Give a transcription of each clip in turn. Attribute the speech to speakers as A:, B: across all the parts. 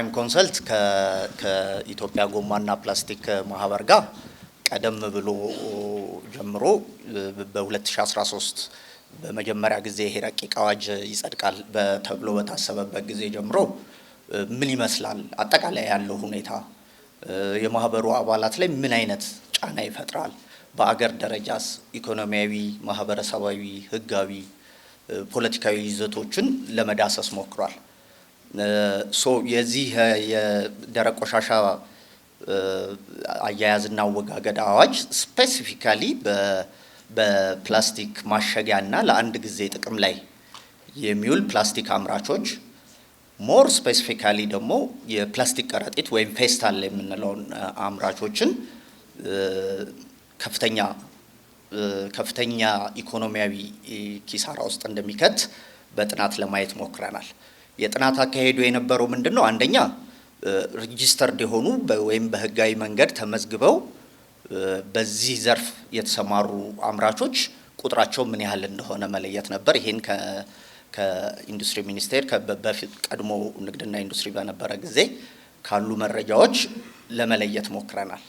A: ፕራይም ኮንሰልት ከኢትዮጵያ ጎማና ፕላስቲክ ማህበር ጋር ቀደም ብሎ ጀምሮ በ2013 በመጀመሪያ ጊዜ ይሄ ረቂቅ አዋጅ ይጸድቃል ተብሎ በታሰበበት ጊዜ ጀምሮ ምን ይመስላል አጠቃላይ ያለው ሁኔታ፣ የማህበሩ አባላት ላይ ምን አይነት ጫና ይፈጥራል፣ በአገር ደረጃስ ኢኮኖሚያዊ፣ ማህበረሰባዊ፣ ህጋዊ፣ ፖለቲካዊ ይዘቶችን ለመዳሰስ ሞክሯል። የዚህ የደረቅ ቆሻሻ አያያዝና አወጋገድ አዋጅ ስፔሲፊካሊ በፕላስቲክ ማሸጊያና ለአንድ ጊዜ ጥቅም ላይ የሚውል ፕላስቲክ አምራቾች ሞር ስፔሲፊካሊ ደግሞ የፕላስቲክ ከረጢት ወይም ፌስታል የምንለውን አምራቾችን ከፍተኛ ከፍተኛ ኢኮኖሚያዊ ኪሳራ ውስጥ እንደሚከት በጥናት ለማየት ሞክረናል። የጥናት አካሄዱ የነበረው ምንድን ነው? አንደኛ ሬጂስተርድ የሆኑ ወይም በህጋዊ መንገድ ተመዝግበው በዚህ ዘርፍ የተሰማሩ አምራቾች ቁጥራቸው ምን ያህል እንደሆነ መለየት ነበር። ይሄን ከኢንዱስትሪ ሚኒስቴር በፊት ቀድሞ ንግድና ኢንዱስትሪ በነበረ ጊዜ ካሉ መረጃዎች ለመለየት ሞክረናል።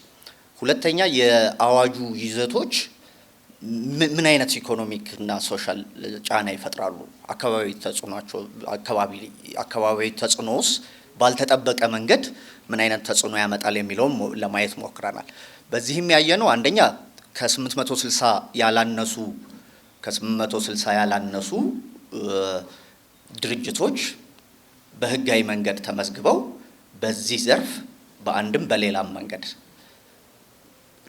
A: ሁለተኛ የአዋጁ ይዘቶች ምን አይነት ኢኮኖሚክ እና ሶሻል ጫና ይፈጥራሉ? አካባቢ ተጽዕኖቸው አካባቢ ተጽዕኖውስ ባልተጠበቀ መንገድ ምን አይነት ተጽዕኖ ያመጣል የሚለውን ለማየት ሞክረናል። በዚህም ነው አንደኛ ከ860 ያላነሱ ከ860 ያላነሱ ድርጅቶች በህጋዊ መንገድ ተመዝግበው በዚህ ዘርፍ በአንድም በሌላም መንገድ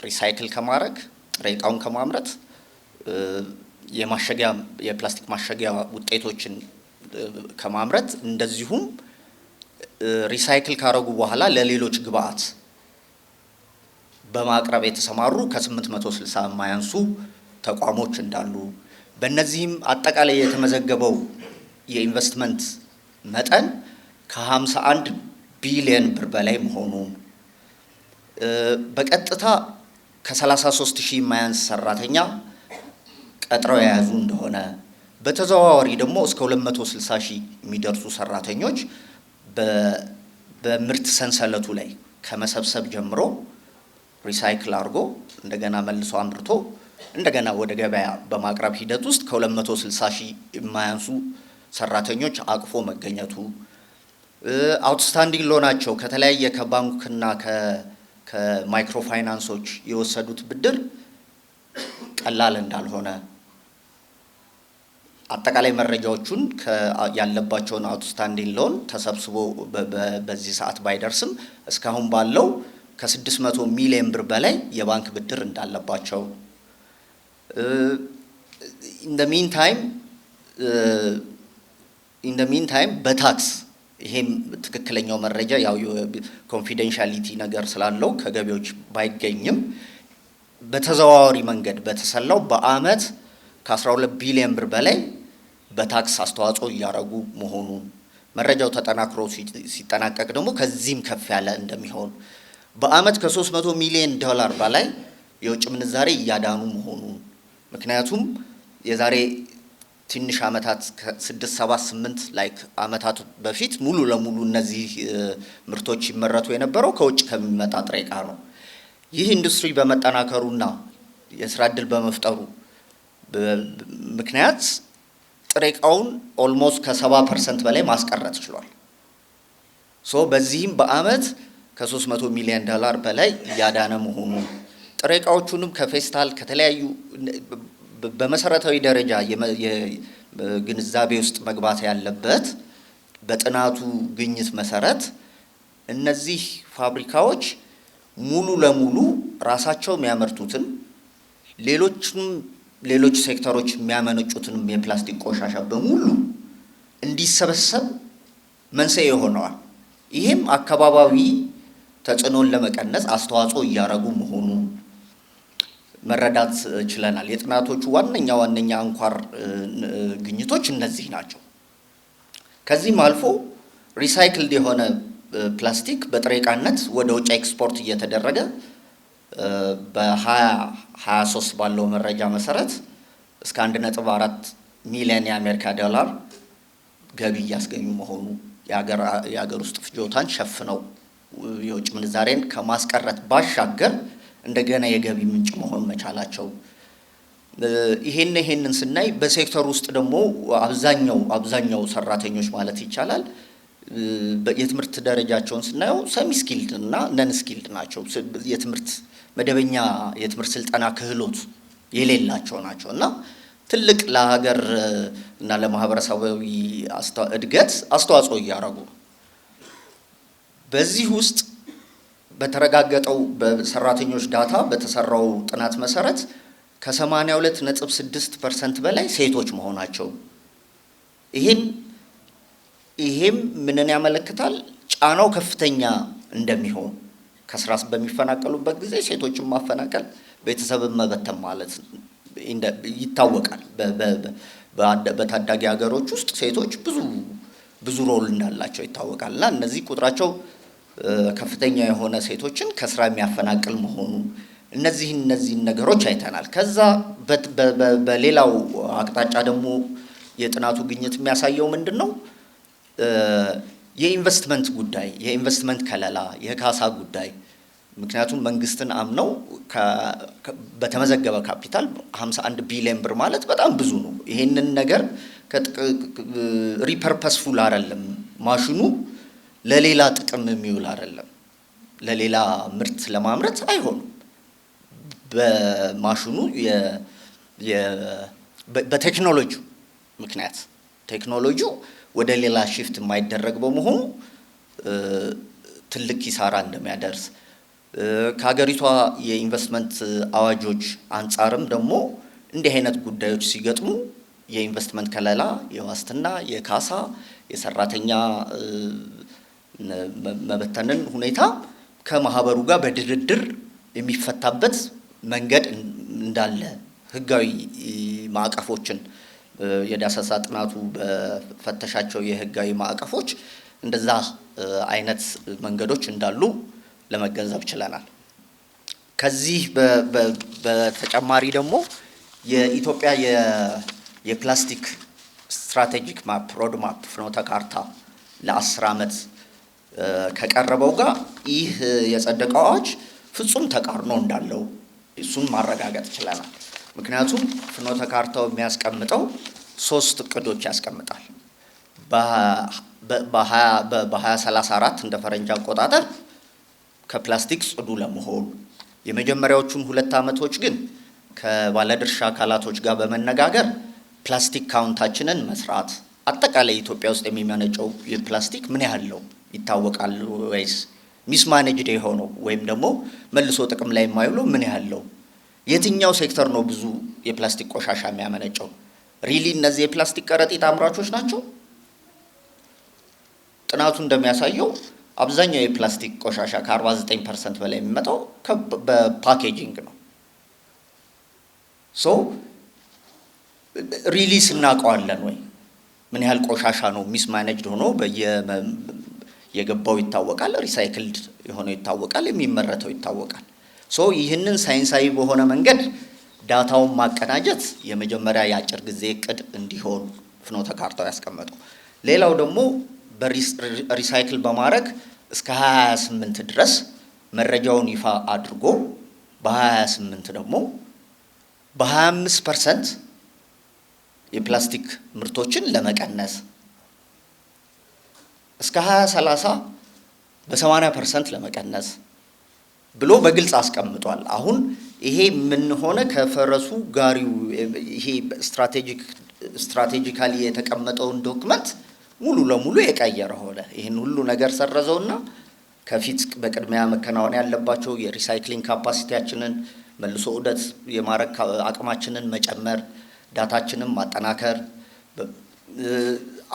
A: ሪሳይክል ከማድረግ ጥሬ እቃውን ከማምረት የማሸጊያ የፕላስቲክ ማሸጊያ ውጤቶችን ከማምረት እንደዚሁም ሪሳይክል ካረጉ በኋላ ለሌሎች ግብአት በማቅረብ የተሰማሩ ከ860 የማያንሱ ተቋሞች እንዳሉ በእነዚህም አጠቃላይ የተመዘገበው የኢንቨስትመንት መጠን ከ51 ቢሊየን ብር በላይ መሆኑ በቀጥታ ከ33 ሺህ የማያንስ ሰራተኛ ቀጥረው የያዙ እንደሆነ በተዘዋዋሪ ደግሞ እስከ 260 ሺህ የሚደርሱ ሰራተኞች በምርት ሰንሰለቱ ላይ ከመሰብሰብ ጀምሮ ሪሳይክል አድርጎ እንደገና መልሶ አምርቶ እንደገና ወደ ገበያ በማቅረብ ሂደት ውስጥ ከ260 ሺህ የማያንሱ ሰራተኞች አቅፎ መገኘቱ አውትስታንዲንግ ሎናቸው ከተለያየ ከባንክና ከማይክሮ ፋይናንሶች የወሰዱት ብድር ቀላል እንዳልሆነ አጠቃላይ መረጃዎቹን ያለባቸውን አውትስታንዲንግ ሎን ተሰብስቦ በዚህ ሰዓት ባይደርስም እስካሁን ባለው ከ600 ሚሊዮን ብር በላይ የባንክ ብድር እንዳለባቸው ኢን ሚን ታይም ኢን ሚን ታይም በታክስ ይሄም ትክክለኛው መረጃ ያው ኮንፊደንሻሊቲ ነገር ስላለው ከገቢዎች ባይገኝም በተዘዋዋሪ መንገድ በተሰላው በአመት ከ12 ቢሊዮን ብር በላይ በታክስ አስተዋጽኦ እያደረጉ መሆኑ መረጃው ተጠናክሮ ሲጠናቀቅ ደግሞ ከዚህም ከፍ ያለ እንደሚሆን በአመት ከ300 ሚሊዮን ዶላር በላይ የውጭ ምንዛሬ እያዳኑ መሆኑ ምክንያቱም የዛሬ ትንሽ ዓመታት ስድስት ሰባት ስምንት ላይክ አመታት በፊት ሙሉ ለሙሉ እነዚህ ምርቶች ይመረቱ የነበረው ከውጭ ከሚመጣ ጥሬ ዕቃ ነው። ይህ ኢንዱስትሪ በመጠናከሩና የስራ እድል በመፍጠሩ ምክንያት ጥሬ ዕቃውን ኦልሞስት ከሰባ ፐርሰንት በላይ ማስቀረት ችሏል። ሶ በዚህም በአመት ከ300 ሚሊዮን ዶላር በላይ ያዳነ መሆኑ ጥሬ ዕቃዎቹንም ከፌስታል ከተለያዩ በመሰረታዊ ደረጃ ግንዛቤ ውስጥ መግባት ያለበት በጥናቱ ግኝት መሰረት እነዚህ ፋብሪካዎች ሙሉ ለሙሉ ራሳቸው የሚያመርቱትን ሌሎችም ሌሎች ሴክተሮች የሚያመነጩትንም የፕላስቲክ ቆሻሻ በሙሉ እንዲሰበሰብ መንስኤ ሆነዋል። ይህም አካባቢያዊ ተጽዕኖን ለመቀነስ አስተዋጽኦ እያደረጉ መሆኑ መረዳት ችለናል። የጥናቶቹ ዋነኛ ዋነኛ አንኳር ግኝቶች እነዚህ ናቸው። ከዚህም አልፎ ሪሳይክልድ የሆነ ፕላስቲክ በጥሬ ዕቃነት ወደ ውጭ ኤክስፖርት እየተደረገ በ2023 ባለው መረጃ መሰረት እስከ 1.4 ሚሊዮን የአሜሪካ ዶላር ገቢ እያስገኙ መሆኑ የሀገር ውስጥ ፍጆታን ሸፍነው የውጭ ምንዛሬን ከማስቀረት ባሻገር እንደገና የገቢ ምንጭ መሆን መቻላቸው ይሄን ይሄንን ስናይ በሴክተር ውስጥ ደግሞ አብዛኛው አብዛኛው ሰራተኞች ማለት ይቻላል የትምህርት ደረጃቸውን ስናየው ሰሚ ስኪልድ እና ነን ስኪልድ ናቸው። የትምህርት መደበኛ የትምህርት ስልጠና ክህሎት የሌላቸው ናቸው እና ትልቅ ለሀገር እና ለማህበረሰባዊ እድገት አስተዋጽኦ እያደረጉ በዚህ ውስጥ በተረጋገጠው በሰራተኞች ዳታ በተሰራው ጥናት መሰረት ከ82.6 ፐርሰንት በላይ ሴቶች መሆናቸው ይህን ይሄም ምንን ያመለክታል? ጫናው ከፍተኛ እንደሚሆን ከስራ በሚፈናቀሉበት ጊዜ ሴቶችን ማፈናቀል ቤተሰብን መበተን ማለት ይታወቃል። በታዳጊ ሀገሮች ውስጥ ሴቶች ብዙ ብዙ ሮል እንዳላቸው ይታወቃል እና እነዚህ ቁጥራቸው ከፍተኛ የሆነ ሴቶችን ከስራ የሚያፈናቅል መሆኑ እነዚህ እነዚህን ነገሮች አይተናል። ከዛ በሌላው አቅጣጫ ደግሞ የጥናቱ ግኝት የሚያሳየው ምንድን ነው? የኢንቨስትመንት ጉዳይ፣ የኢንቨስትመንት ከለላ፣ የካሳ ጉዳይ ምክንያቱም መንግስትን አምነው በተመዘገበ ካፒታል 51 ቢሊዮን ብር ማለት በጣም ብዙ ነው። ይሄንን ነገር ሪፐርፐስፉል አይደለም ማሽኑ ለሌላ ጥቅም የሚውል አይደለም። ለሌላ ምርት ለማምረት አይሆኑም። በማሽኑ በቴክኖሎጂ ምክንያት ቴክኖሎጂ ወደ ሌላ ሽፍት የማይደረግ በመሆኑ ትልቅ ኪሳራ እንደሚያደርስ ከሀገሪቷ የኢንቨስትመንት አዋጆች አንጻርም ደግሞ እንዲህ አይነት ጉዳዮች ሲገጥሙ የኢንቨስትመንት ከለላ፣ የዋስትና፣ የካሳ፣ የሰራተኛ መበተንን ሁኔታ ከማህበሩ ጋር በድርድር የሚፈታበት መንገድ እንዳለ ህጋዊ ማዕቀፎችን የዳሰሳ ጥናቱ በፈተሻቸው የህጋዊ ማዕቀፎች እንደዛ አይነት መንገዶች እንዳሉ ለመገንዘብ ችለናል። ከዚህ በተጨማሪ ደግሞ የኢትዮጵያ የፕላስቲክ ስትራቴጂክ ማፕ ሮድማፕ ፍኖተ ካርታ ለአስር ዓመት ከቀረበው ጋር ይህ የጸደቀ አዋጅ ፍጹም ተቃርኖ እንዳለው እሱን ማረጋገጥ ችለናል። ምክንያቱም ፍኖተ ካርታው የሚያስቀምጠው ሶስት እቅዶች ያስቀምጣል። በ2034 እንደ ፈረንጅ አቆጣጠር ከፕላስቲክ ጽዱ ለመሆን የመጀመሪያዎቹን ሁለት ዓመቶች ግን ከባለድርሻ አካላቶች ጋር በመነጋገር ፕላስቲክ ካውንታችንን መስራት አጠቃላይ ኢትዮጵያ ውስጥ የሚመነጨው ፕላስቲክ ምን ያህል ነው ይታወቃል ወይስ ሚስማኔጅድ የሆነው ወይም ደግሞ መልሶ ጥቅም ላይ የማይውለው ምን ያለው የትኛው ሴክተር ነው ብዙ የፕላስቲክ ቆሻሻ የሚያመነጨው? ሪሊ እነዚህ የፕላስቲክ ከረጢት አምራቾች ናቸው? ጥናቱ እንደሚያሳየው አብዛኛው የፕላስቲክ ቆሻሻ ከ49 ፐርሰንት በላይ የሚመጣው በፓኬጂንግ ነው። ሶ ሪሊስ እናውቀዋለን ወይ? ምን ያህል ቆሻሻ ነው ሚስማኔጅድ ሆኖ የገባው ይታወቃል፣ ሪሳይክልድ የሆነው ይታወቃል፣ የሚመረተው ይታወቃል። ሶ ይህንን ሳይንሳዊ በሆነ መንገድ ዳታውን ማቀናጀት የመጀመሪያ የአጭር ጊዜ እቅድ እንዲሆን ፍኖተ ካርታው ያስቀመጠው። ሌላው ደግሞ በሪሳይክል በማድረግ እስከ 28 ድረስ መረጃውን ይፋ አድርጎ በ28 ደግሞ በ25 ፐርሰንት የፕላስቲክ ምርቶችን ለመቀነስ እስከ 2030 በ80 ፐርሰንት ለመቀነስ ብሎ በግልጽ አስቀምጧል። አሁን ይሄ ምን ሆነ? ከፈረሱ ጋሪው ይሄ ስትራቴጂካሊ የተቀመጠውን ዶክመንት ሙሉ ለሙሉ የቀየረ ሆነ። ይህን ሁሉ ነገር ሰረዘውና ከፊት በቅድሚያ መከናወን ያለባቸው የሪሳይክሊንግ ካፓሲቲያችንን መልሶ ውደት የማረግ አቅማችንን መጨመር፣ ዳታችንን ማጠናከር፣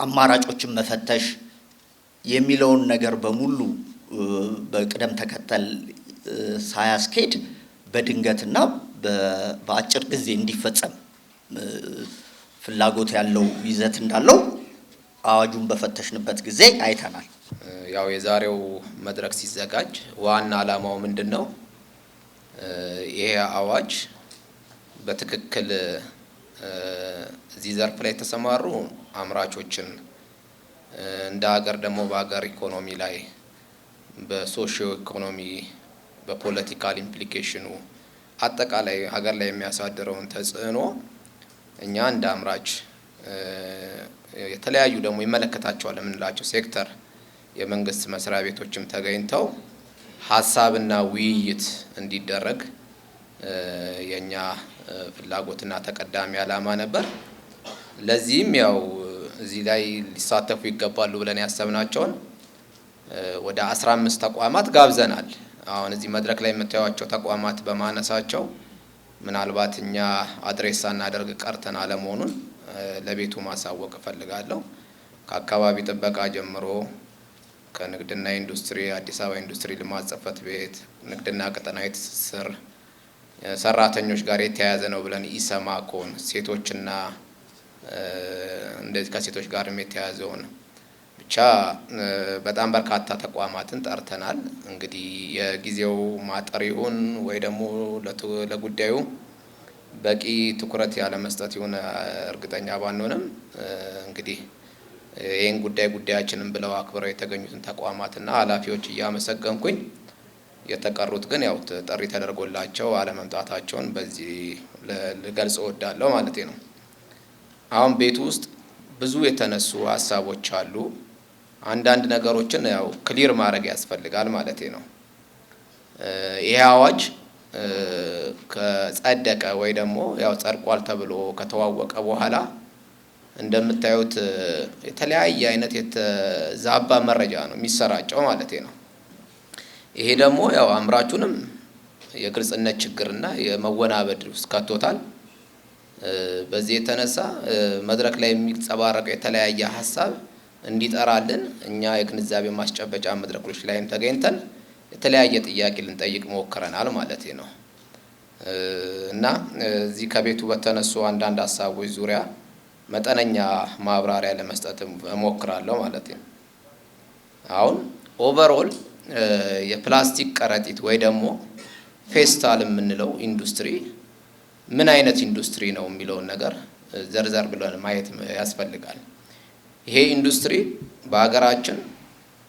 A: አማራጮችን መፈተሽ የሚለውን ነገር በሙሉ በቅደም ተከተል ሳያስኬድ በድንገትና በአጭር ጊዜ እንዲፈጸም ፍላጎት ያለው ይዘት እንዳለው አዋጁን በፈተሽንበት ጊዜ አይተናል።
B: ያው የዛሬው መድረክ ሲዘጋጅ ዋና ዓላማው ምንድን ነው? ይሄ አዋጅ በትክክል እዚህ ዘርፍ ላይ የተሰማሩ አምራቾችን እንደ ሀገር ደግሞ በሀገር ኢኮኖሚ ላይ በሶሽዮ ኢኮኖሚ በፖለቲካል ኢምፕሊኬሽኑ አጠቃላይ ሀገር ላይ የሚያሳድረውን ተጽዕኖ እኛ እንደ አምራች የተለያዩ ደግሞ ይመለከታቸዋል የምንላቸው ሴክተር የመንግስት መስሪያ ቤቶችም ተገኝተው ሀሳብና ውይይት እንዲደረግ የእኛ ፍላጎትና ተቀዳሚ ዓላማ ነበር። ለዚህም ያው እዚህ ላይ ሊሳተፉ ይገባሉ ብለን ያሰብናቸውን ወደ አስራ አምስት ተቋማት ጋብዘናል። አሁን እዚህ መድረክ ላይ የምታዩቸው ተቋማት በማነሳቸው ምናልባት እኛ አድሬስ ሳናደርግ ቀርተን አለመሆኑን ለቤቱ ማሳወቅ እፈልጋለሁ። ከአካባቢ ጥበቃ ጀምሮ ከንግድና ኢንዱስትሪ፣ አዲስ አበባ ኢንዱስትሪ ልማት ጽሕፈት ቤት፣ ንግድና ቀጠናዊ ትስስር፣ ሰራተኞች ጋር የተያያዘ ነው ብለን ኢሰማኮን ሴቶችና እንደዚህ ከሴቶች ጋር የተያያዘ ብቻ በጣም በርካታ ተቋማትን ጠርተናል። እንግዲህ የጊዜው ማጠር ይሁን ወይ ደግሞ ለጉዳዩ በቂ ትኩረት ያለመስጠት ይሁን እርግጠኛ ባንሆንም እንግዲህ ይህን ጉዳይ ጉዳያችንን ብለው አክብረው የተገኙትን ተቋማትና ኃላፊዎች እያመሰገንኩኝ የተቀሩት ግን ያው ጥሪ ተደርጎላቸው አለመምጣታቸውን በዚህ ልገልጽ እወዳለሁ ማለት ነው። አሁን ቤት ውስጥ ብዙ የተነሱ ሀሳቦች አሉ። አንዳንድ ነገሮችን ያው ክሊር ማድረግ ያስፈልጋል ማለት ነው። ይሄ አዋጅ ከጸደቀ ወይ ደግሞ ያው ጸድቋል ተብሎ ከተዋወቀ በኋላ እንደምታዩት የተለያየ አይነት የተዛባ መረጃ ነው የሚሰራጨው ማለት ነው። ይሄ ደግሞ ያው አምራቹንም የግልጽነት ችግርና የመወናበድ ውስጥ ከቶታል። በዚህ የተነሳ መድረክ ላይ የሚንጸባረቀው የተለያየ ሀሳብ እንዲጠራልን እኛ የግንዛቤ ማስጨበጫ መድረኮች ላይም ተገኝተን የተለያየ ጥያቄ ልንጠይቅ ሞክረናል ማለት ነው እና እዚህ ከቤቱ በተነሱ አንዳንድ ሀሳቦች ዙሪያ መጠነኛ ማብራሪያ ለመስጠት እሞክራለሁ ማለት ነው። አሁን ኦቨርኦል የፕላስቲክ ከረጢት ወይ ደግሞ ፌስታል የምንለው ኢንዱስትሪ ምን አይነት ኢንዱስትሪ ነው የሚለውን ነገር ዘርዘር ብለን ማየት ያስፈልጋል። ይሄ ኢንዱስትሪ በሀገራችን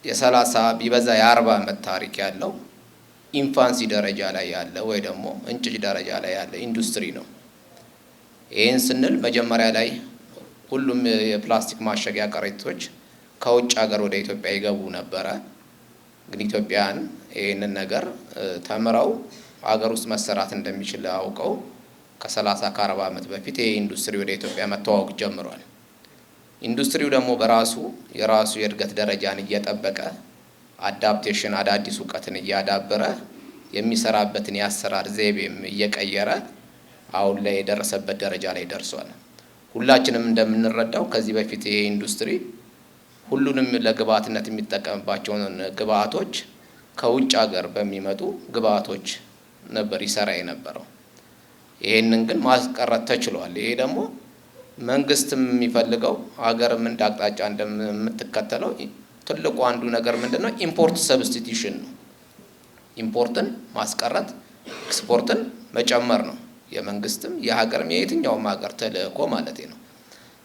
B: የሰላሳ ቢበዛ የአርባ ዓመት ታሪክ ያለው ኢንፋንሲ ደረጃ ላይ ያለ ወይ ደግሞ እንጭጭ ደረጃ ላይ ያለ ኢንዱስትሪ ነው። ይህን ስንል መጀመሪያ ላይ ሁሉም የፕላስቲክ ማሸጊያ ከረጢቶች ከውጭ ሀገር ወደ ኢትዮጵያ ይገቡ ነበረ። ግን ኢትዮጵያን ይህንን ነገር ተምረው ሀገር ውስጥ መሰራት እንደሚችል አውቀው ከ30 ከ40 ዓመት በፊት ይህ ኢንዱስትሪ ወደ ኢትዮጵያ መተዋወቅ ጀምሯል። ኢንዱስትሪው ደግሞ በራሱ የራሱ የእድገት ደረጃን እየጠበቀ አዳፕቴሽን አዳዲስ እውቀትን እያዳበረ የሚሰራበትን የአሰራር ዘይቤም እየቀየረ አሁን ላይ የደረሰበት ደረጃ ላይ ደርሷል። ሁላችንም እንደምንረዳው ከዚህ በፊት ይሄ ኢንዱስትሪ ሁሉንም ለግብአትነት የሚጠቀምባቸውን ግብአቶች ከውጭ ሀገር በሚመጡ ግብአቶች ነበር ይሰራ የነበረው። ይሄንን ግን ማስቀረት ተችሏል። ይሄ ደግሞ መንግስትም የሚፈልገው ሀገርም እንደ አቅጣጫ እንደምትከተለው ትልቁ አንዱ ነገር ምንድን ነው? ኢምፖርት ሰብስቲቱሽን ነው። ኢምፖርትን ማስቀረት ኤክስፖርትን መጨመር ነው። የመንግስትም የሀገርም የየትኛውም ሀገር ተልእኮ ማለት ነው።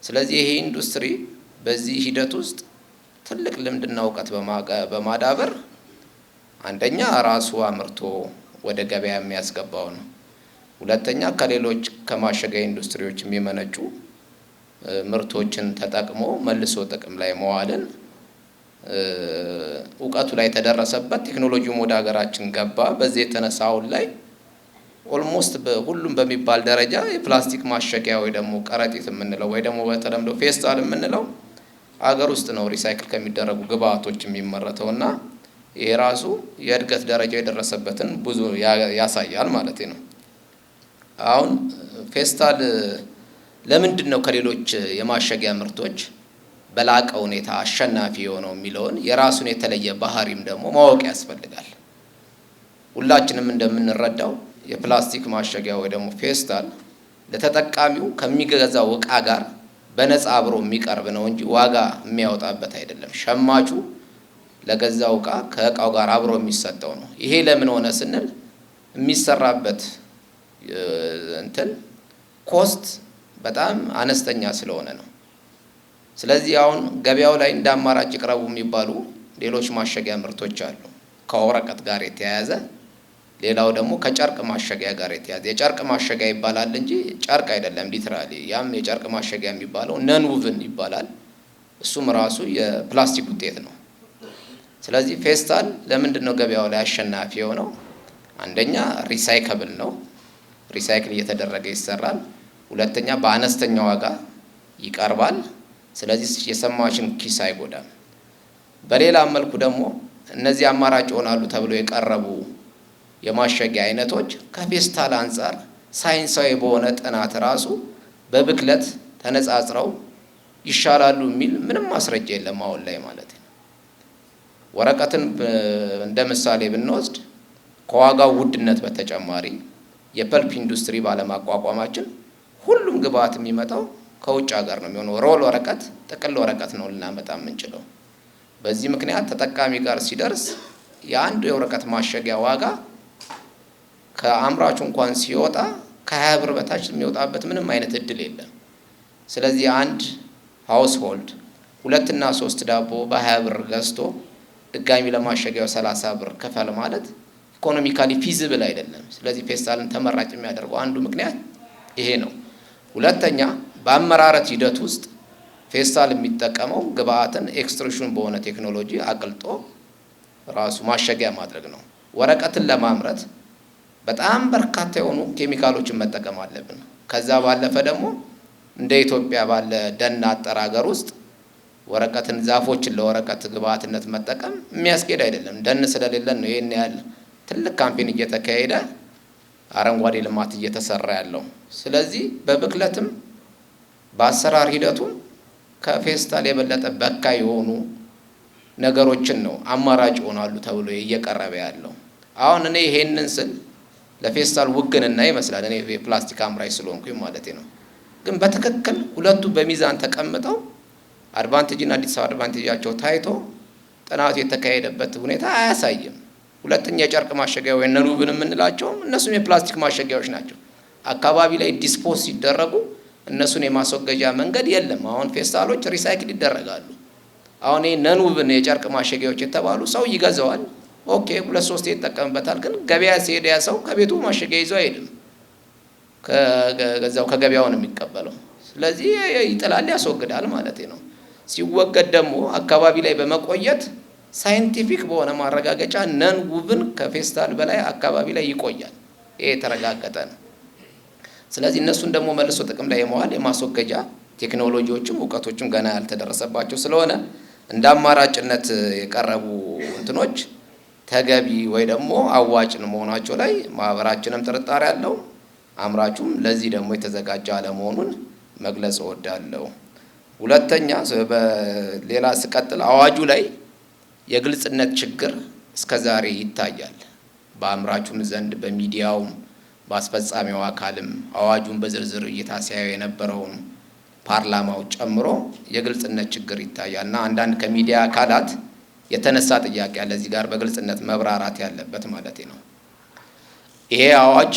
B: ስለዚህ ይሄ ኢንዱስትሪ በዚህ ሂደት ውስጥ ትልቅ ልምድና እውቀት በማዳበር አንደኛ ራሱ አምርቶ ወደ ገበያ የሚያስገባው ነው። ሁለተኛ ከሌሎች ከማሸጊያ ኢንዱስትሪዎች የሚመነጩ ምርቶችን ተጠቅሞ መልሶ ጥቅም ላይ መዋልን እውቀቱ ላይ ተደረሰበት። ቴክኖሎጂውም ወደ ሀገራችን ገባ። በዚህ የተነሳ አሁን ላይ ኦልሞስት ሁሉም በሚባል ደረጃ የፕላስቲክ ማሸጊያ ወይ ደግሞ ከረጢት የምንለው ወይ ደግሞ በተለምዶ ፌስታል የምንለው አገር ውስጥ ነው ሪሳይክል ከሚደረጉ ግብአቶች የሚመረተው እና ይሄ ራሱ የእድገት ደረጃ የደረሰበትን ብዙ ያሳያል ማለት ነው። አሁን ፌስታል ለምንድን ነው ከሌሎች የማሸጊያ ምርቶች በላቀ ሁኔታ አሸናፊ የሆነው የሚለውን የራሱን የተለየ ባህሪም ደግሞ ማወቅ ያስፈልጋል። ሁላችንም እንደምንረዳው የፕላስቲክ ማሸጊያ ወይ ደግሞ ፌስታል ለተጠቃሚው ከሚገዛው እቃ ጋር በነፃ አብሮ የሚቀርብ ነው እንጂ ዋጋ የሚያወጣበት አይደለም። ሸማቹ ለገዛው እቃ ከእቃው ጋር አብሮ የሚሰጠው ነው። ይሄ ለምን ሆነ ስንል የሚሰራበት እንትን ኮስት በጣም አነስተኛ ስለሆነ ነው። ስለዚህ አሁን ገበያው ላይ እንደ አማራጭ ይቅረቡ የሚባሉ ሌሎች ማሸጊያ ምርቶች አሉ። ከወረቀት ጋር የተያያዘ ሌላው ደግሞ ከጨርቅ ማሸጊያ ጋር የተያዘ የጨርቅ ማሸጊያ ይባላል እንጂ ጨርቅ አይደለም ሊትራሊ። ያም የጨርቅ ማሸጊያ የሚባለው ነን ውቭን ይባላል። እሱም ራሱ የፕላስቲክ ውጤት ነው። ስለዚህ ፌስታል ለምንድን ነው ገበያው ላይ አሸናፊ የሆነው? አንደኛ ሪሳይከብል ነው። ሪሳይክል እየተደረገ ይሰራል። ሁለተኛ በአነስተኛ ዋጋ ይቀርባል። ስለዚህ የሰማዎችን ኪስ አይጎዳም። በሌላ መልኩ ደግሞ እነዚህ አማራጭ ይሆናሉ ተብለው የቀረቡ የማሸጊያ አይነቶች ከፌስታል አንጻር ሳይንሳዊ በሆነ ጥናት ራሱ በብክለት ተነጻጽረው ይሻላሉ የሚል ምንም ማስረጃ የለም አሁን ላይ ማለት ነው። ወረቀትን እንደ ምሳሌ ብንወስድ ከዋጋው ውድነት በተጨማሪ የፐልፕ ኢንዱስትሪ ባለማቋቋማችን ሁሉም ግብአት የሚመጣው ከውጭ ሀገር ነው የሚሆነው። ሮል ወረቀት፣ ጥቅል ወረቀት ነው ልናመጣ የምንችለው። በዚህ ምክንያት ተጠቃሚ ጋር ሲደርስ የአንዱ የወረቀት ማሸጊያ ዋጋ ከአምራቹ እንኳን ሲወጣ ከሀያ ብር በታች የሚወጣበት ምንም አይነት እድል የለም። ስለዚህ አንድ ሃውስሆልድ ሁለትና ሶስት ዳቦ በሀያ ብር ገዝቶ ድጋሚ ለማሸጊያው ሰላሳ ብር ክፈል ማለት ኢኮኖሚካሊ ፊዚብል አይደለም። ስለዚህ ፌስታልን ተመራጭ የሚያደርገው አንዱ ምክንያት ይሄ ነው። ሁለተኛ በአመራረት ሂደት ውስጥ ፌስታል የሚጠቀመው ግብአትን ኤክስትሩሽን በሆነ ቴክኖሎጂ አቅልጦ ራሱ ማሸጊያ ማድረግ ነው። ወረቀትን ለማምረት በጣም በርካታ የሆኑ ኬሚካሎችን መጠቀም አለብን። ከዛ ባለፈ ደግሞ እንደ ኢትዮጵያ ባለ ደን አጠር ሀገር ውስጥ ወረቀትን ዛፎችን ለወረቀት ግብአትነት መጠቀም የሚያስኬድ አይደለም። ደን ስለሌለን ነው ይህን ያህል ትልቅ ካምፔን እየተካሄደ አረንጓዴ ልማት እየተሰራ ያለው። ስለዚህ በብክለትም በአሰራር ሂደቱ ከፌስታል የበለጠ በካ የሆኑ ነገሮችን ነው አማራጭ ይሆናሉ ተብሎ እየቀረበ ያለው። አሁን እኔ ይሄንን ስል ለፌስታል ውግንና ይመስላል እኔ የፕላስቲክ አምራች ስለሆንኩኝ ማለት ነው። ግን በትክክል ሁለቱ በሚዛን ተቀምጠው አድቫንቴጅና ዲስአድቫንቴጃቸው ታይቶ ጥናቱ የተካሄደበት ሁኔታ አያሳይም። ሁለተኛ የጨርቅ ማሸጊያ ወይ ነሉብን የምንላቸውም እነሱም የፕላስቲክ ማሸጊያዎች ናቸው። አካባቢ ላይ ዲስፖዝ ሲደረጉ እነሱን የማስወገጃ መንገድ የለም። አሁን ፌስታሎች ሪሳይክል ይደረጋሉ። አሁን ይህ ነኑብን የጨርቅ ማሸጊያዎች የተባሉ ሰው ይገዛዋል። ኦኬ ሁለት ሶስት ይጠቀምበታል። ግን ገበያ ሲሄድ ያ ሰው ከቤቱ ማሸጊያ ይዞ አይሄድም። ከገዛው ከገበያው ነው የሚቀበለው። ስለዚህ ይጥላል፣ ያስወግዳል ማለት ነው። ሲወገድ ደግሞ አካባቢ ላይ በመቆየት ሳይንቲፊክ በሆነ ማረጋገጫ ነን ውብን ከፌስታል በላይ አካባቢ ላይ ይቆያል። ይሄ የተረጋገጠ ነው። ስለዚህ እነሱን ደግሞ መልሶ ጥቅም ላይ የመዋል የማስወገጃ ቴክኖሎጂዎችም እውቀቶችም ገና ያልተደረሰባቸው ስለሆነ እንደ አማራጭነት የቀረቡ እንትኖች ተገቢ ወይ ደግሞ አዋጭን መሆናቸው ላይ ማህበራችንም ጥርጣሬ አለው። አምራቹም ለዚህ ደግሞ የተዘጋጀ አለመሆኑን መግለጽ እወዳለሁ። ሁለተኛ በሌላ ስቀጥል አዋጁ ላይ የግልጽነት ችግር እስከ ዛሬ ይታያል። በአምራቹም ዘንድ በሚዲያውም በአስፈጻሚው አካልም አዋጁን በዝርዝር እይታ የነበረውን ፓርላማው ጨምሮ የግልጽነት ችግር ይታያል እና አንዳንድ ከሚዲያ አካላት የተነሳ ጥያቄ አለ። እዚህ ጋር በግልጽነት መብራራት ያለበት ማለት ነው። ይሄ አዋጅ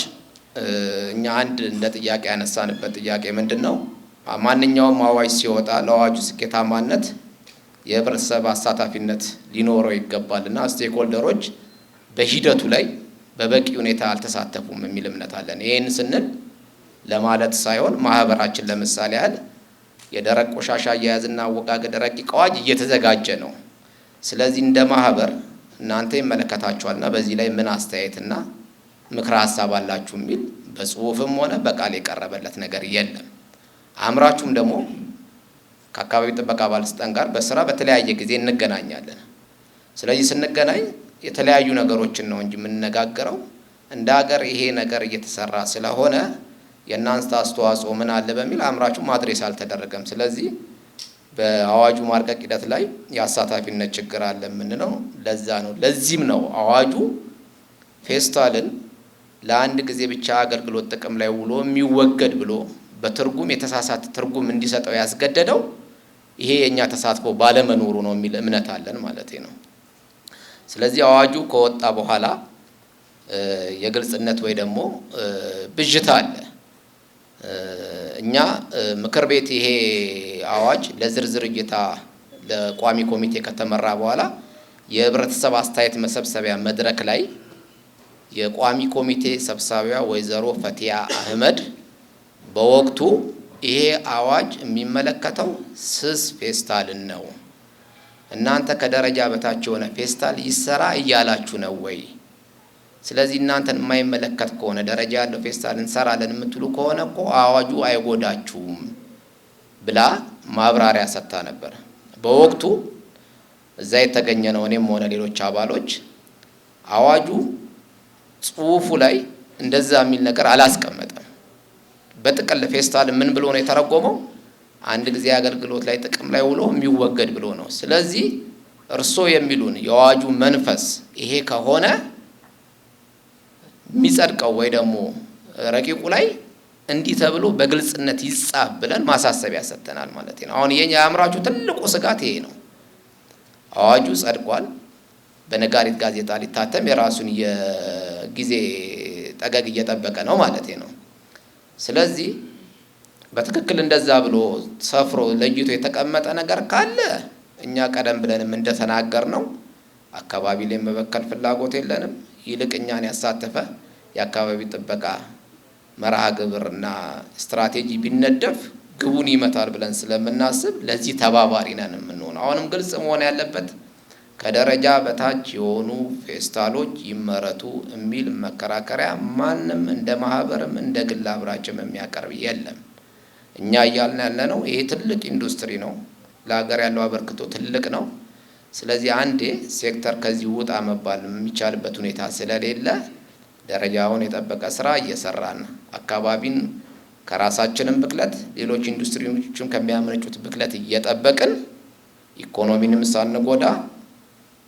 B: እኛ አንድ እንደ ጥያቄ ያነሳንበት ጥያቄ ምንድን ነው? ማንኛውም አዋጅ ሲወጣ ለአዋጁ ስኬታማነት የህብረተሰብ አሳታፊነት ሊኖረው ይገባል እና ስቴክሆልደሮች በሂደቱ ላይ በበቂ ሁኔታ አልተሳተፉም የሚል እምነት አለን። ይህን ስንል ለማለት ሳይሆን ማህበራችን ለምሳሌ ያህል የደረቅ ቆሻሻ አያያዝና አወጋገድ ረቂቅ አዋጅ እየተዘጋጀ ነው። ስለዚህ እንደ ማህበር እናንተ ይመለከታችኋልና በዚህ ላይ ምን አስተያየትና ምክረ ሀሳብ አላችሁ የሚል በጽሁፍም ሆነ በቃል የቀረበለት ነገር የለም። አእምራችሁም ደግሞ ከአካባቢ ጥበቃ ባለስልጣን ጋር በስራ በተለያየ ጊዜ እንገናኛለን። ስለዚህ ስንገናኝ የተለያዩ ነገሮችን ነው እንጂ የምንነጋገረው እንደ ሀገር ይሄ ነገር እየተሰራ ስለሆነ የእናንተ አስተዋጽኦ ምን አለ በሚል አምራቹ ማድሬስ አልተደረገም። ስለዚህ በአዋጁ ማርቀቅ ሂደት ላይ የአሳታፊነት ችግር አለ የምንለው ለዛ ነው። ለዚህም ነው አዋጁ ፌስታልን ለአንድ ጊዜ ብቻ አገልግሎት ጥቅም ላይ ውሎ የሚወገድ ብሎ በትርጉም የተሳሳተ ትርጉም እንዲሰጠው ያስገደደው። ይሄ የእኛ ተሳትፎ ባለመኖሩ ነው የሚል እምነት አለን ማለት ነው። ስለዚህ አዋጁ ከወጣ በኋላ የግልጽነት ወይ ደግሞ ብዥታ አለ። እኛ ምክር ቤት ይሄ አዋጅ ለዝርዝር እይታ ለቋሚ ኮሚቴ ከተመራ በኋላ የህብረተሰብ አስተያየት መሰብሰቢያ መድረክ ላይ የቋሚ ኮሚቴ ሰብሳቢያ ወይዘሮ ፈቲያ አህመድ በወቅቱ ይሄ አዋጅ የሚመለከተው ስስ ፌስታልን ነው። እናንተ ከደረጃ በታች የሆነ ፌስታል ይሰራ እያላችሁ ነው ወይ? ስለዚህ እናንተን የማይመለከት ከሆነ ደረጃ ያለው ፌስታል እንሰራለን የምትሉ ከሆነ እኮ አዋጁ አይጎዳችሁም ብላ ማብራሪያ ሰጥታ ነበር። በወቅቱ እዛ የተገኘ ነው እኔም ሆነ ሌሎች አባሎች አዋጁ ጽሁፉ ላይ እንደዛ የሚል ነገር አላስቀመጠም። በጥቅል ፌስታል ምን ብሎ ነው የተረጎመው? አንድ ጊዜ አገልግሎት ላይ ጥቅም ላይ ውሎ የሚወገድ ብሎ ነው። ስለዚህ እርሶ የሚሉን የአዋጁ መንፈስ ይሄ ከሆነ የሚጸድቀው ወይ ደግሞ ረቂቁ ላይ እንዲህ ተብሎ በግልጽነት ይጻፍ ብለን ማሳሰቢያ ሰጥተናል ማለት ነው። አሁን የኛ አእምራችሁ ትልቁ ስጋት ይሄ ነው። አዋጁ ጸድቋል። በነጋሪት ጋዜጣ ሊታተም የራሱን የጊዜ ጠገግ እየጠበቀ ነው ማለት ነው። ስለዚህ በትክክል እንደዛ ብሎ ሰፍሮ ለይቶ የተቀመጠ ነገር ካለ እኛ ቀደም ብለንም እንደተናገር ነው አካባቢ ላይ መበከል ፍላጎት የለንም። ይልቅ እኛን ያሳተፈ የአካባቢ ጥበቃ መርሃ ግብርና ስትራቴጂ ቢነደፍ ግቡን ይመታል ብለን ስለምናስብ ለዚህ ተባባሪ ነን የምንሆነው። አሁንም ግልጽ መሆን ያለበት ከደረጃ በታች የሆኑ ፌስታሎች ይመረቱ የሚል መከራከሪያ ማንም እንደ ማህበርም እንደ ግል አብራችም የሚያቀርብ የለም። እኛ እያልን ያለ ነው። ይሄ ትልቅ ኢንዱስትሪ ነው። ለሀገር ያለው አበርክቶ ትልቅ ነው። ስለዚህ አንዴ ሴክተር ከዚህ ውጣ መባል የሚቻልበት ሁኔታ ስለሌለ ደረጃውን የጠበቀ ስራ እየሰራን አካባቢን ከራሳችንም ብክለት ሌሎች ኢንዱስትሪዎችም ከሚያመነጩት ብክለት እየጠበቅን ኢኮኖሚንም ሳንጎዳ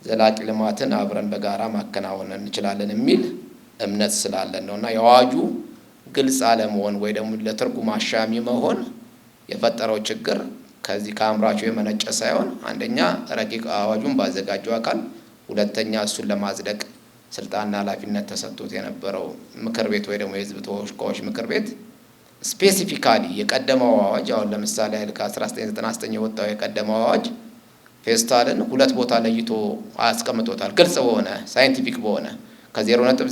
B: ዘላቂ ልማትን አብረን በጋራ ማከናወን እንችላለን የሚል እምነት ስላለን ነው እና የአዋጁ ግልጽ አለመሆን ወይ ደግሞ ለትርጉም አሻሚ መሆን የፈጠረው ችግር ከዚህ ከአምራቹ የመነጨ ሳይሆን አንደኛ ረቂቅ አዋጁን ባዘጋጀው አካል፣ ሁለተኛ እሱን ለማጽደቅ ስልጣንና ኃላፊነት ተሰጥቶት የነበረው ምክር ቤት ወይ ደግሞ የህዝብ ተወካዮች ምክር ቤት ስፔሲፊካሊ የቀደመው አዋጅ አሁን ለምሳሌ ከ1999 የወጣው የቀደመው አዋጅ ፌስታልን ሁለት ቦታ ለይቶ አስቀምጦታል። ግልጽ በሆነ ሳይንቲፊክ በሆነ ከ ነጥብ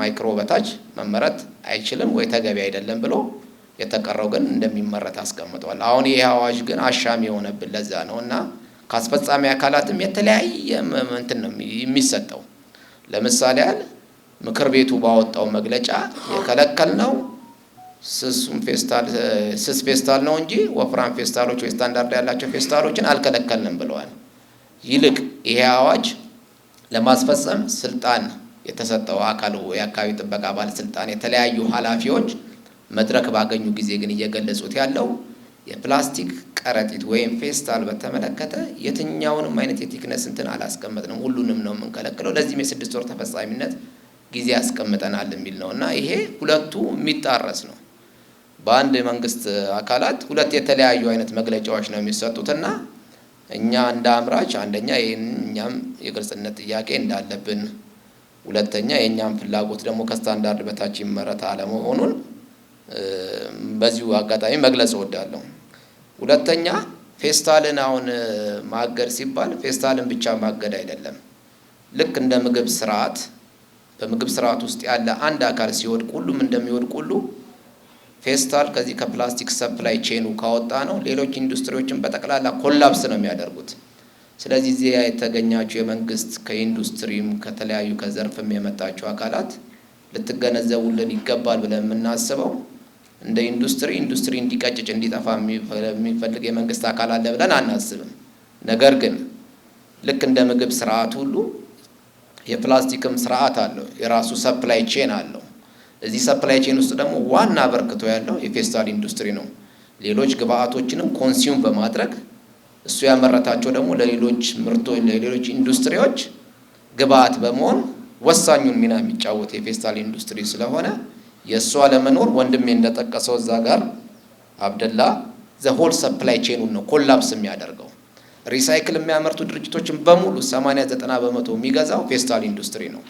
B: ማይክሮ በታች መመረት አይችልም ወይ ተገቢ አይደለም ብሎ የተቀረው ግን እንደሚመረት አስቀምጧል። አሁን ይህ አዋጅ ግን አሻሚ የሆነብን ለዛ ነው እና ከአስፈጻሚ አካላትም የተለያየ እንትን ነው የሚሰጠው። ለምሳሌ ያህል ምክር ቤቱ ባወጣው መግለጫ ነው። ስሱም ፌስታል ስስ ፌስታል ነው እንጂ ወፍራም ፌስታሎች ወይ ስታንዳርድ ያላቸው ፌስታሎችን አልከለከልንም ብለዋል። ይልቅ ይሄ አዋጅ ለማስፈጸም ስልጣን የተሰጠው አካል የአካባቢ ጥበቃ ባለስልጣን የተለያዩ ኃላፊዎች መድረክ ባገኙ ጊዜ ግን እየገለጹት ያለው የፕላስቲክ ከረጢት ወይም ፌስታል በተመለከተ የትኛውንም አይነት የቲክነስ እንትን አላስቀመጥንም፣ ሁሉንም ነው የምንከለክለው። ለዚህም የስድስት ወር ተፈጻሚነት ጊዜ ያስቀምጠናል የሚል ነው እና ይሄ ሁለቱ የሚጣረስ ነው። በአንድ መንግስት አካላት ሁለት የተለያዩ አይነት መግለጫዎች ነው የሚሰጡትና እኛ እንደ አምራች አንደኛ ይህን እኛም የግልጽነት ጥያቄ እንዳለብን፣ ሁለተኛ የእኛም ፍላጎት ደግሞ ከስታንዳርድ በታች ይመረት አለመሆኑን በዚሁ አጋጣሚ መግለጽ እወዳለሁ። ሁለተኛ ፌስታልን አሁን ማገድ ሲባል ፌስታልን ብቻ ማገድ አይደለም። ልክ እንደ ምግብ ስርዓት በምግብ ስርዓት ውስጥ ያለ አንድ አካል ሲወድቅ ሁሉም እንደሚወድቅ ሁሉ ፌስታል ከዚህ ከፕላስቲክ ሰፕላይ ቼኑ ካወጣ ነው ሌሎች ኢንዱስትሪዎችን በጠቅላላ ኮላፕስ ነው የሚያደርጉት። ስለዚህ እዚያ የተገኛችሁ የመንግስት ከኢንዱስትሪም ከተለያዩ ከዘርፍም የመጣችሁ አካላት ልትገነዘቡልን ይገባል ብለን የምናስበው እንደ ኢንዱስትሪ ኢንዱስትሪ እንዲቀጭጭ እንዲጠፋ የሚፈልግ የመንግስት አካል አለ ብለን አናስብም። ነገር ግን ልክ እንደ ምግብ ስርዓት ሁሉ የፕላስቲክም ስርዓት አለው፣ የራሱ ሰፕላይ ቼን አለው። እዚህ ሰፕላይ ቼን ውስጥ ደግሞ ዋና አበርክቶ ያለው የፌስታል ኢንዱስትሪ ነው። ሌሎች ግብአቶችንም ኮንሱም በማድረግ እሱ ያመረታቸው ደግሞ ለሌሎች ምርቶች፣ ለሌሎች ኢንዱስትሪዎች ግብአት በመሆን ወሳኙን ሚና የሚጫወት የፌስታል ኢንዱስትሪ ስለሆነ የእሷ ለመኖር ወንድሜ እንደጠቀሰው እዛ ጋር አብደላ ዘሆል ሰፕላይ ቼኑን ነው ኮላፕስ የሚያደርገው። ሪሳይክል የሚያመርቱ ድርጅቶችን በሙሉ 80 90 በመቶ የሚገዛው ፌስታል ኢንዱስትሪ ነው።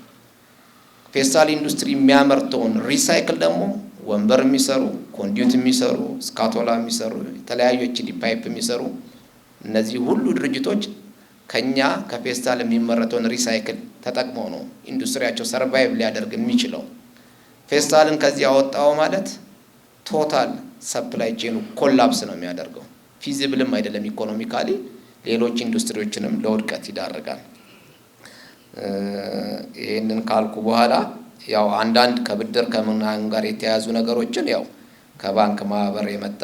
B: ፌስታል ኢንዱስትሪ የሚያመርተውን ሪሳይክል ደግሞ ወንበር የሚሰሩ ኮንዲዩት የሚሰሩ ስካቶላ የሚሰሩ የተለያዩ ኤችዲ ፓይፕ የሚሰሩ እነዚህ ሁሉ ድርጅቶች ከኛ ከፌስታል የሚመረተውን ሪሳይክል ተጠቅመው ነው ኢንዱስትሪያቸው ሰርቫይቭ ሊያደርግ የሚችለው። ፌስታልን ከዚህ ያወጣው ማለት ቶታል ሰፕላይ ቼኑ ኮላፕስ ነው የሚያደርገው። ፊዚብልም አይደለም ኢኮኖሚካሊ፣ ሌሎች ኢንዱስትሪዎችንም ለውድቀት ይዳርጋል። ይህንን ካልኩ በኋላ ያው አንዳንድ ከብድር ከምናምን ጋር የተያያዙ ነገሮችን ያው ከባንክ ማህበር የመጣ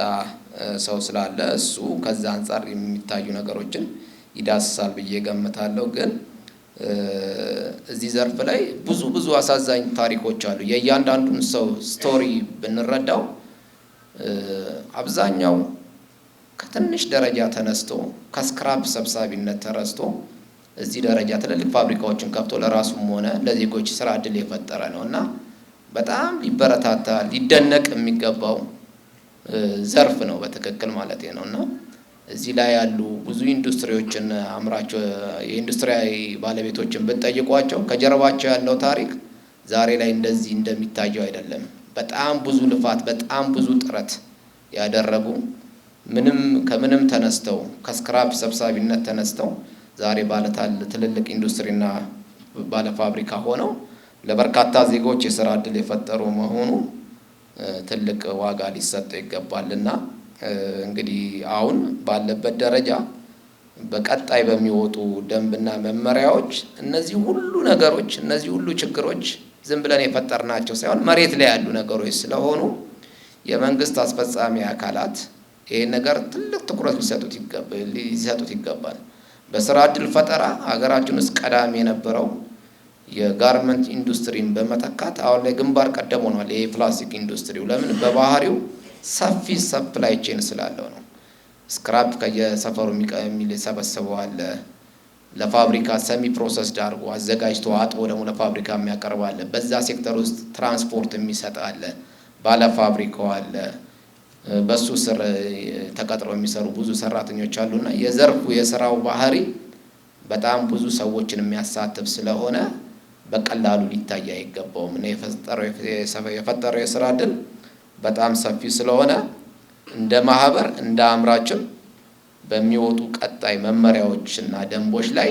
B: ሰው ስላለ እሱ ከዛ አንጻር የሚታዩ ነገሮችን ይዳስሳል ብዬ ገምታለሁ። ግን እዚህ ዘርፍ ላይ ብዙ ብዙ አሳዛኝ ታሪኮች አሉ። የእያንዳንዱን ሰው ስቶሪ ብንረዳው አብዛኛው ከትንሽ ደረጃ ተነስቶ ከስክራፕ ሰብሳቢነት ተረስቶ እዚህ ደረጃ ትልልቅ ፋብሪካዎችን ከፍቶ ለራሱም ሆነ ለዜጎች ስራ እድል የፈጠረ ነው እና በጣም ሊበረታታ ሊደነቅ የሚገባው ዘርፍ ነው በትክክል ማለት ነው እና እዚህ ላይ ያሉ ብዙ ኢንዱስትሪዎችን አምራቸው የኢንዱስትሪ ባለቤቶችን ብትጠይቋቸው ከጀርባቸው ያለው ታሪክ ዛሬ ላይ እንደዚህ እንደሚታየው አይደለም። በጣም ብዙ ልፋት፣ በጣም ብዙ ጥረት ያደረጉ ምንም ከምንም ተነስተው ከስክራፕ ሰብሳቢነት ተነስተው ዛሬ ባለታል ትልልቅ ኢንዱስትሪና ባለ ፋብሪካ ሆነው ለበርካታ ዜጎች የስራ እድል የፈጠሩ መሆኑ ትልቅ ዋጋ ሊሰጠው ይገባልና እንግዲህ አሁን ባለበት ደረጃ በቀጣይ በሚወጡ ደንብና መመሪያዎች እነዚህ ሁሉ ነገሮች እነዚህ ሁሉ ችግሮች ዝም ብለን የፈጠርናቸው ሳይሆን መሬት ላይ ያሉ ነገሮች ስለሆኑ የመንግስት አስፈጻሚ አካላት ይህን ነገር ትልቅ ትኩረት ሊሰጡት ይገባል። በስራ እድል ፈጠራ ሀገራችን ውስጥ ቀዳሚ የነበረው የጋርመንት ኢንዱስትሪን በመተካት አሁን ላይ ግንባር ቀደም ሆኗል። ይሄ ፕላስቲክ ኢንዱስትሪው ለምን በባህሪው ሰፊ ሰፕላይ ቼን ስላለው ነው። ስክራፕ ከየሰፈሩ የሚሰበስበው አለ። ለፋብሪካ ሰሚ ፕሮሰስ ዳርጎ አዘጋጅቶ አጥቦ ደግሞ ለፋብሪካ የሚያቀርብ አለ። በዛ ሴክተር ውስጥ ትራንስፖርት የሚሰጥ አለ። ባለፋብሪካው አለ። በሱ ስር ተቀጥረው የሚሰሩ ብዙ ሰራተኞች አሉና የዘርፉ የስራው ባህሪ በጣም ብዙ ሰዎችን የሚያሳትፍ ስለሆነ በቀላሉ ሊታይ አይገባውም እና የፈጠረው የስራ እድል በጣም ሰፊ ስለሆነ እንደ ማህበር እንደ አምራችም በሚወጡ ቀጣይ መመሪያዎችና ደንቦች ላይ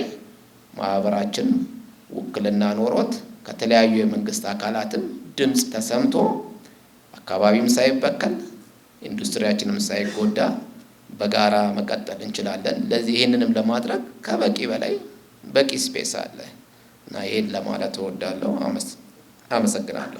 B: ማህበራችን ውክልና ኖሮት ከተለያዩ የመንግስት አካላትም ድምፅ ተሰምቶ አካባቢም ሳይበከል ኢንዱስትሪያችንም ሳይጎዳ በጋራ መቀጠል እንችላለን። ለዚህ ይህንንም ለማድረግ ከበቂ በላይ በቂ ስፔስ አለ እና ይህን ለማለት እወዳለሁ። አመሰግናለሁ።